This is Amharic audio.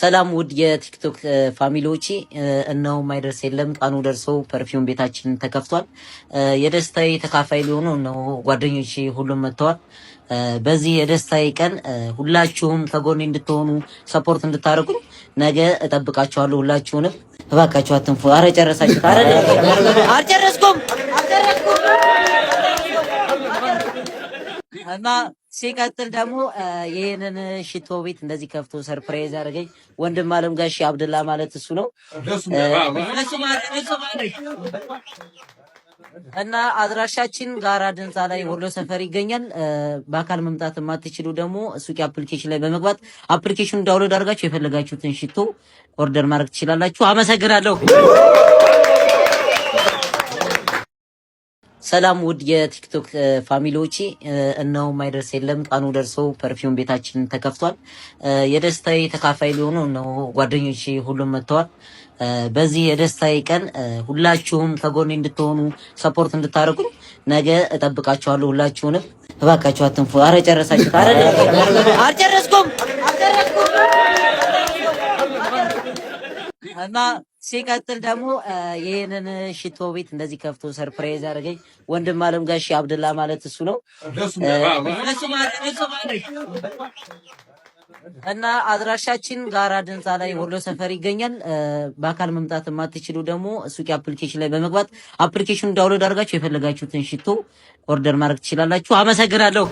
ሰላም ውድ የቲክቶክ ፋሚሊዎች እነው ማይደርስ የለም ቀኑ ደርሶ ፐርፊውም ቤታችን ተከፍቷል። የደስታዬ ተካፋይ ሊሆኑ እነሆ ጓደኞች ሁሉም መጥተዋል። በዚህ የደስታዬ ቀን ሁላችሁም ከጎኔ እንድትሆኑ ሰፖርት እንድታደርጉ ነገ እጠብቃችኋለሁ። ሁላችሁንም እባካችሁ አትንፉ። አረ ጨረሳችሁ? አረ አልጨረስኩም እና ሲቀጥል ደግሞ ይህንን ሽቶ ቤት እንደዚህ ከፍቶ ሰርፕራይዝ አድርገኝ ወንድም አለም ጋሽ አብድላ ማለት እሱ ነው እና አድራሻችን ጋራ ድንፃ ላይ ወሎ ሰፈር ይገኛል። በአካል መምጣት የማትችሉ ደግሞ ሱቅ አፕሊኬሽን ላይ በመግባት አፕሊኬሽኑ ዳውንሎድ አድርጋችሁ የፈለጋችሁትን ሽቶ ኦርደር ማድረግ ትችላላችሁ። አመሰግናለሁ። ሰላም ውድ የቲክቶክ ፋሚሊዎች እነው ማይደርስ የለም ቀኑ ደርሶ ፐርፊውም ቤታችን ተከፍቷል። የደስታዬ ተካፋይ ሊሆኑ እነሆ ጓደኞች ሁሉም መጥተዋል። በዚህ የደስታዬ ቀን ሁላችሁም ከጎኔ እንድትሆኑ ሰፖርት እንድታደርጉኝ ነገ እጠብቃችኋለሁ። ሁላችሁንም እባካችሁ አትንፉ። አረ ጨረሳችሁ? አልጨረስኩም እና ሲቀጥል ደግሞ ይህንን ሽቶ ቤት እንደዚህ ከፍቶ ሰርፕራይዝ አድርገኝ ወንድም አለም ጋሽ አብድላ ማለት እሱ ነው እና አድራሻችን ጋራ ድንፃ ላይ ወሎ ሰፈር ይገኛል። በአካል መምጣት የማትችሉ ደግሞ ሱቅ አፕሊኬሽን ላይ በመግባት አፕሊኬሽኑ ዳውንሎድ አድርጋችሁ የፈለጋችሁትን ሽቶ ኦርደር ማድረግ ትችላላችሁ። አመሰግናለሁ።